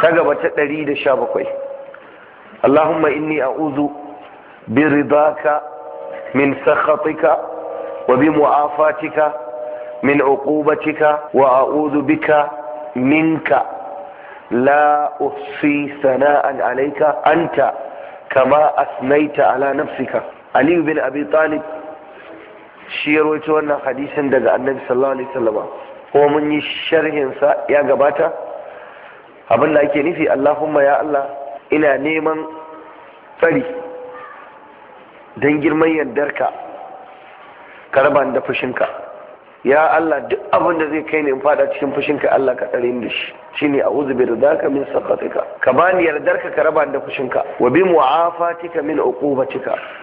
ta gaba ta ɗari da sha bakwai Allahumma inni a'udhu bi ridaka min sakhatika wa bi mu'afatika min uqubatika wa a'udhu bika minka la uhsi sana'an alayka anta kama asnaita ala nafsika Ali bin Abi Talib shi ya wannan hadisin daga Annabi sallallahu alaihi wasallam ko mun yi sharhin sa ya gabata abin da ake nufi Allahumma ya Allah ina neman tsari don girman yardarka ka raba da fushinka ya Allah duk abin da zai kai ni in fada cikin fushinka Allah ka tsare ni da shi shine a'udhu bi ridaka min sakhatika ka bani yardarka ka raba da fushinka wa bi mu'afatika min uqubatika